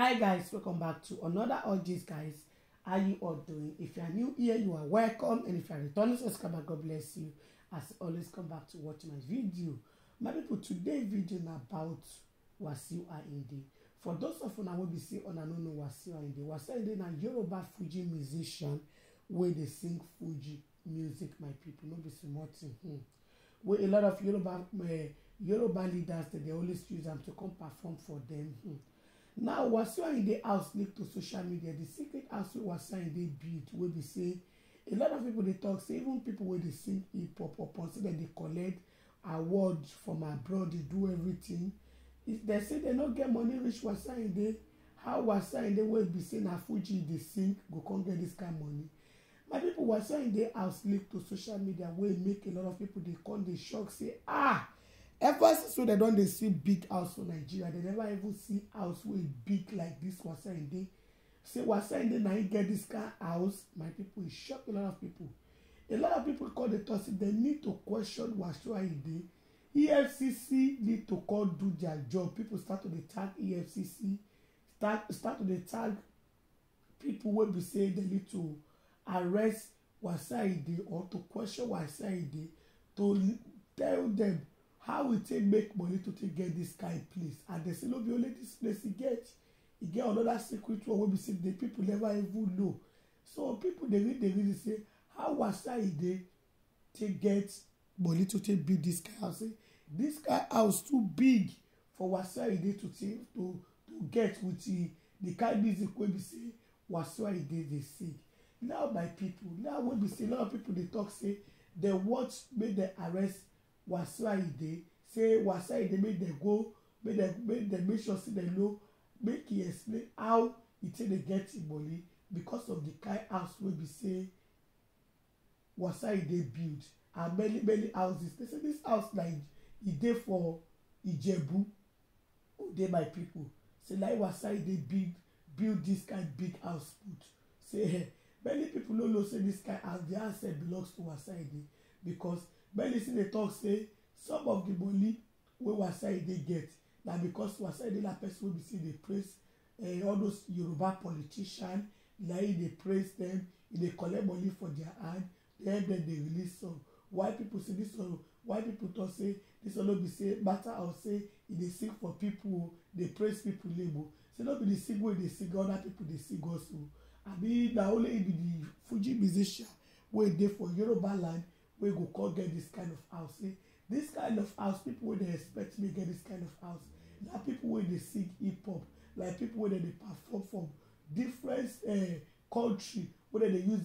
hi guys welcome back to another all orgies guys how you all doing if you are new here you are welcome and if you are returning subscriber god bless you as always come back to watch my video my people today video na about Wasiu Ayinde for those of una wey be say una no know Wasiu Ayinde Wasiu Ayinde na Yoruba Fuji musician wey dey sing Fuji music my people no be small thing hmm. wey a lot of Yoruba uh, Yoruba leaders dey always use am to come perform for them. Hmm now in Ayinde house leak to social media The secret house wey Wasiu Ayinde build wey be say a lot of people dey talk say even people wey dey sing hip hop upon say dem dey collect award from abroad dey do everything if dem say dem no get money reach Wasiu Ayinde how Wasiu Ayinde wey be say na Fuji dey sing go come get this kind money my people Wasiu Ayinde house leak to social media wey make a lot of people dey come dey shock say ah ever since wey dem don dey see big house for nigeria dem never even see house wey big like this wasende say wasende na im get this kind house my people e shock a lot of people a lot of people call the talk say dem need to question wasuaide efcc need to call do their job people start to dey tag efcc start start to dey tag people wey be say dem need to arrest wasuaide or to question wasuaide to tell dem how we take make money to take get this kind place and they say no be only this place e get e get another secret one wey be say the people never even know so people dey read dey read say how wasa e dey take get money to take build this kind house say this kind house too big for wasa e dey to take to to get with the the kind music wey be say wasa e dey dey sing now my people now wey be say a lot of people dey talk say they want make dem arrest Wasiu Ayinde say Wasiu Ayinde make dem go make dem make dem make sure say dem know make e explain how e take dey get im money because of the kind house wey be say Wasiu Ayinde build and many many houses they say this house like e dey for Ijebu who oh, dey my people say na him Wasiu Ayinde build build this kind big house put say many people no know say this kind house the house sef belongs to Wasiu Ayinde because belisin dey talk say some of the money wey wasaide get na because wasaide na person wey be say dey praise uh, all those yoruba politicians na him dey praise them e dey collect money for their hand then dem dey release some why people say this one why people talk say this one no be say matter of say e dey sing for people o dey praise people name o say no be the sing wey dey sing other people dey sing also abi na only e be the fuji musician wey dey for yoruba land wey go come get this kind of house say this kind of house people wey dey expect me get this kind of house na people wey dey sing hip hop like people wey dey dey perform from different uh, country wey dey dey use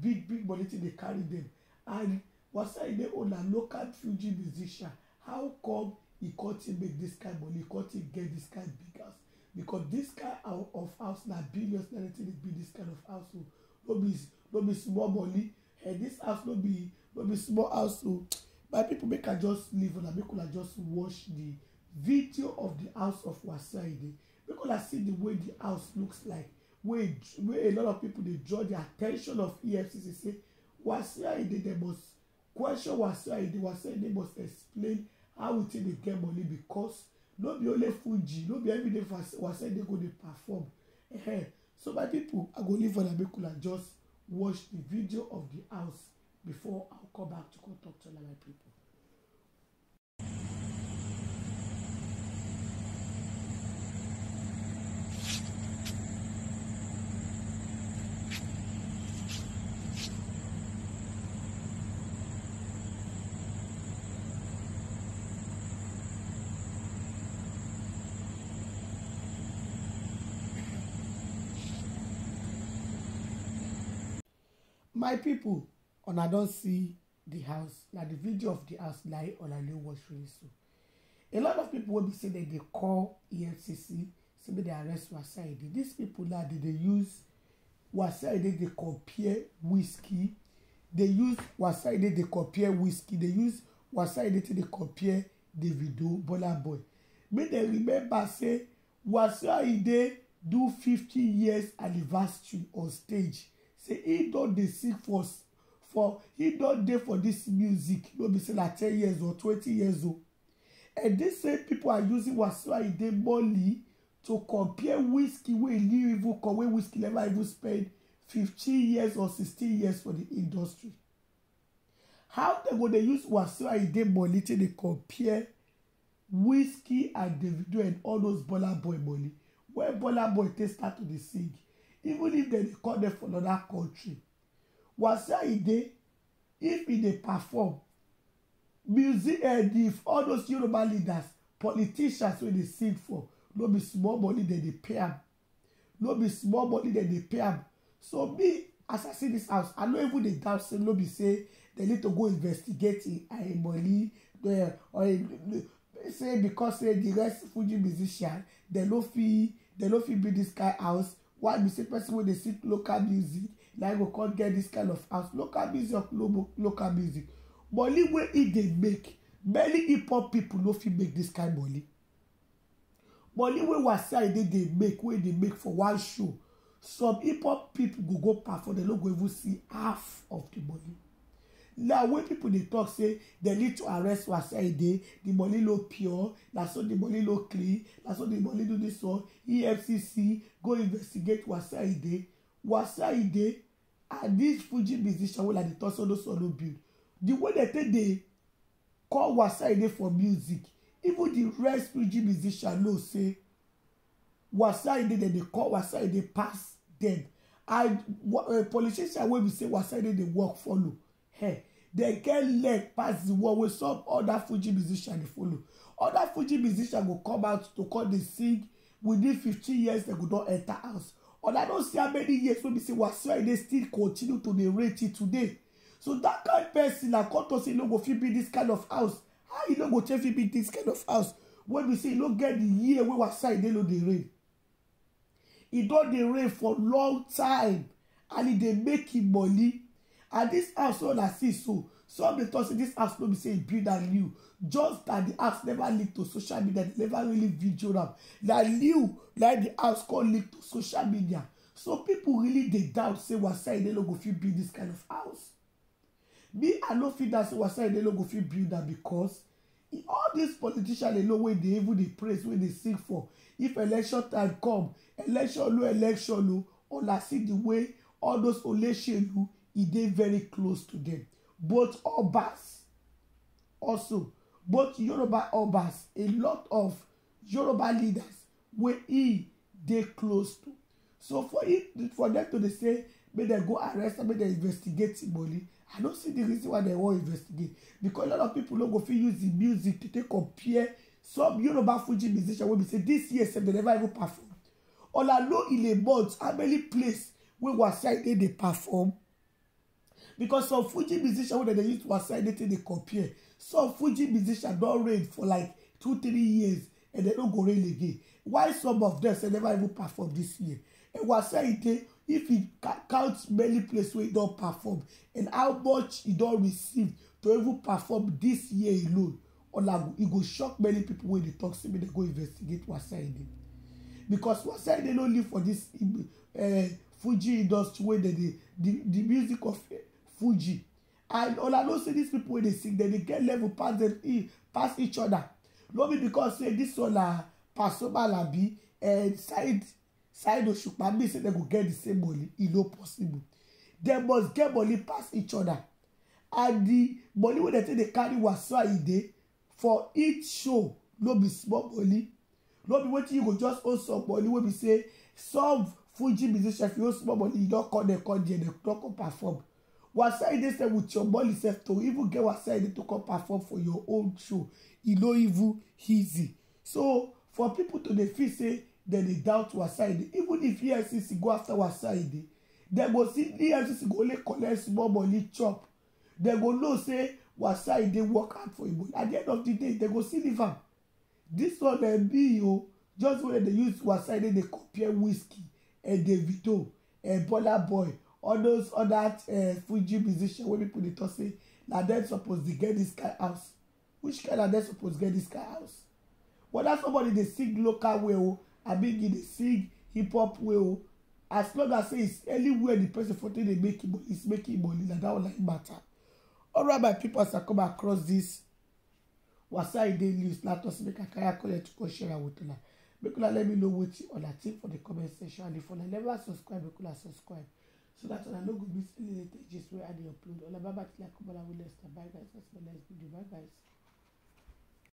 big big money take dey carry dem and wasaide own na local fuji musician how come e come take make this kind money e come take get this kind big house because this kind of, house na billions na wetin dey build this kind of house o oh. no be no be small money and eh, this house no be But be small house, household my people make i just leave una make una just watch the video of the house of wasiu ayinde make una see the way the house looks like wey wey a lot of people dey draw the attention of efcc say wasiu ayinde dem must question wasiu ayinde wasiu ayinde must explain how we take dey get money because no be only fuji no be everyday wasiu ayinde go dey perform so my people i go leave una make una just watch the video of the house before I'll come back to go talk to other people. My people, una don see the house na the video of the house na olale watch really so a lot of people wey be say dem dey call efcc say make dem arrest wasaide these people now dey dey use wasaide dey compare whiskey dey use wasaide dey compare whiskey dey use wasaide take dey compare davido bola boy make dem remember say wasaide do fifty years anniversary on stage say e don dey sing for for he don dey for this music no be say na ten years or twenty years o and dis same pipo are using Wasiu Ayinde money to compare whiskey wey he even come wey Wizkid never even spend fifteen years or sixteen years for di industry how dem go dey use Wasiu Ayinde money take dey compare whiskey and Davido and all those Burna Boy money wey Burna Boy take start to dey sing even if dem dey call dem for another country wasi ayinde if e dey perform music uh, the all those yoruba leaders politicians wey dey sing for no be small money dem dey pay am no be small money dem dey pay am so me as i see this house i no even dey doubt say no be say dem need to go investigate im aimoli uh, or im say because say the rest fuji musician dem no fit dem no fit build this kind house why be say person wey dey sing local music na go come get this kind of house local music local, local music money wey e dey make many hip hop people no fit make this kind money money wey wasa dey dey make wey dey make for one show some hip hop people go go perform they no go even see half of the money now when people dey talk say they need to arrest wasaide the money no pure na so the money no clean na so the money do this one efcc go investigate wasaide wasaide and ah, this fuji musician wey like dey talk solo solo build the way they take dey call wasaide for music even the rest fuji musician know say wasaide dem dey call wasaide pass dem and uh, politician wey be say wasaide dey work follow hey, dem get leg pass the one wey some other fuji musician dey follow other fuji musician go come out to come dey sing within fifteen years dem go don enter house And I don't see how many years when we say Wasiu they still continue to narrate it today. So that kind of person that come to say no go fit build this kind of house. How you no go take fit build this kind of house when we say you no get the year wey Wasiu Ayinde no dey reign? E don dey reign for long time and e dey make im money. And this house wey una see so somebody talk say this house no be say e build am new just that the house never lead to social media they never really video am na new na the house come lead to social media so people really dey doubt say wasa enelo go fit build this kind of house me i no fit doubt say wasa enelo go fit build am because all these politicians alone wey dey even dey praise wey dey sing for if election time come election lo election lo una see the way all those oleselu e dey very close to them both Obas also both Yoruba Obas a lot of Yoruba leaders wey he dey close to so for it for them to dey say make dem go arrest am make dem investigate Igboli I no see the reason why dem wan investigate because a lot of people no go fit use the music to take compare some Yoruba Fuji musician wey be say this year sef dem never even perform Olalo Ile month how many place wey Wasiu Ayinde dey perform because some Fuji musician wey they used to assign anything they compare some Fuji musician don't reign for like two three years and they don't go reign again why some of them say never even perform this year and what say it? if it e counts many places where he don't perform and how much he don't receive to even perform this year alone or like it e will shock many people when they talk say make dem go investigate what wasaide because what they don't live for this uh, fuji industry wey dey the the music of fuji and know olalosi these people wey dey sing dem dey get level pass dem e, pass each other no be because say this one na pasoma labi and side side osupa mean say dem go get the same money e no possible dem must get money pass each other and the money wey dem take dey carry wasa e dey for each show no be small money no be wetin you go just owe some money wey be say some fuji musician if you owe small money you don call dem come there dem don come perform Wasaide said with your body self to even get Wasaide to come perform for your own show. E no even easy. So for people to dey feel say dem dey doubt Wasaide, even if EFCC go after Wasaide, dem go see EFCC go only collect small money chop. Dem go know say Wasaide work hard for Igbo. At the end of the day, dem go see leave am. This one dem be o, just when dem use Wasaide dey compare whiskey and Davido and Burna Boy all those other uh, fuji musician wey people dey talk say na dem suppose dey get this kind house which kind na dem suppose get this kind house whether somebody dey sing local way o abi e dey sing hip hop way o as long as say it's anywhere the person for take dey make him money is making money na that one like matter right, my people as i come across this wasai e dey news na tosi make i carry am collect to come share am with una make una let me know wetin una think for the comment section and if una never subscribe make una subscribe so that una no go miss any latest gist wey i dey upload Olababatila Akinbola Williams na bye guys that's my last video bye guys.